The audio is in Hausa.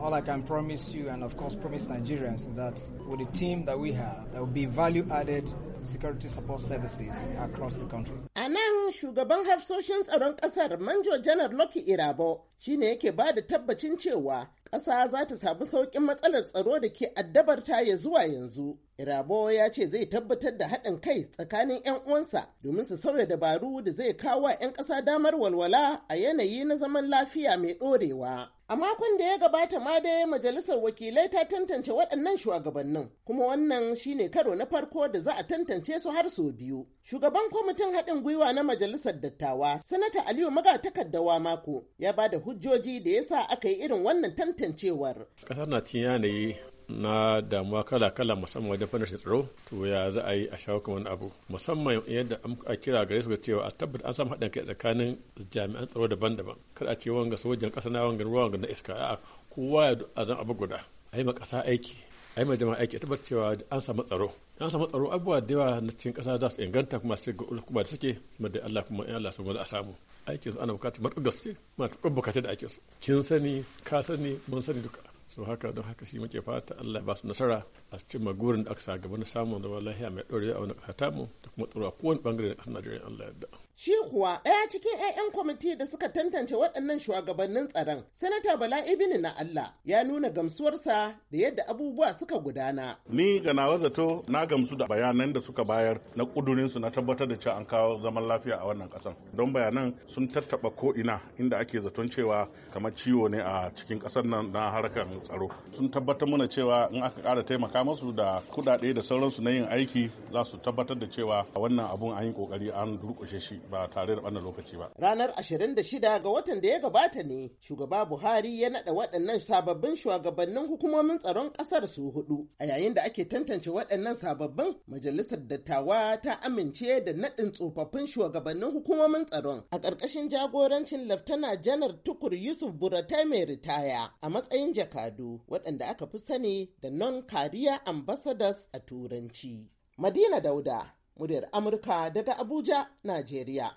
All I can promise you, and of course promise Nigerians, is that with the team that we have, there will be value added security support services across the country. Sugar Bank have hafsoshin around ƙasar Manjo Janar Irabo shine yake ba da tabbacin cewa ƙasa za ta samu sauƙin matsalar tsaro da ke addabar ta ya zuwa yanzu. Irabo ya ce zai tabbatar da haɗin kai tsakanin 'yan uwansa domin su sauya dabaru da zai kawo 'yan ƙasa damar walwala a yanayi na zaman lafiya mai ɗorewa. A makon da ya gabata ma dai majalisar wakilai ta tantance waɗannan shugabannin kuma wannan shine karo na farko da za a tantance su har sau biyu. Shugaban kwamitin haɗin gwiwa na majalisar dattawa, Sanata Aliyu Maga mako ya ba da hujjoji da ya sa aka yi irin wannan tantance tantancewar. Kasar na cikin yanayi na damuwa kala-kala musamman wajen fannin tsaro to ya za a yi a shawo kamar abu musamman yadda a kira gare su cewa a tabbata an samu haɗin kai tsakanin jami'an tsaro daban-daban kar a ce wanga sojan ƙasa na wanga ruwa wanga na iska a kowa ya zan abu guda a yi ma ƙasa aiki a yi mai jama'a aiki tabbatar cewa an samu tsaro an samu tsaro abubuwa da yawa na cikin ƙasa za su inganta kuma su ga kuma da suke kuma da Allah kuma in Allah sun za a samu aikin su ana bukatar matuƙar gaske matuƙar bukatar da aikin su kin sani ka sani mun sani duka so haka don haka shi muke fata Allah ba su nasara a cikin magurin da aka sa gaba na samun zaman lafiya mai ɗorewa a wani ƙasa tamu da kuma tsaro a kowane ɓangare na ƙasar Najeriya Allah ya da. Shi kuwa ɗaya cikin 'ya'yan kwamiti da suka tantance waɗannan shugabannin tsaron, Sanata Bala Ibini na Allah ya nuna gamsuwarsa da yadda abubuwa suka gudana. Ni ga nawa zato na gamsu da bayanan da suka bayar na su na tabbatar da cewa an kawo zaman lafiya a wannan ƙasar. Don bayanan sun tattaɓa ina inda ake zaton cewa kamar ciwo ne a cikin ƙasar nan na harkar tsaro sun tabbatar mana cewa in aka ƙara taimaka musu da kudade da sauransu na yin aiki za su tabbatar da cewa wannan abun an yi ƙoƙari an durƙushe shi ba tare da ɓanna lokaci ba. Ranar 26 ga watan da ya gabata ne shugaba Buhari ya naɗa waɗannan sababbin shugabannin hukumomin tsaron ƙasar su hudu a yayin da ake tantance waɗannan sababbin majalisar dattawa ta amince da naɗin tsofaffin shugabannin hukumomin tsaron a ƙarƙashin jagorancin Laftana Janar Tukur Yusuf Buratai mai ritaya a matsayin jaka al'adu waɗanda aka fi sani da non kariya ambassadors a turanci. Madina Dauda, muryar Amurka daga Abuja, Najeriya.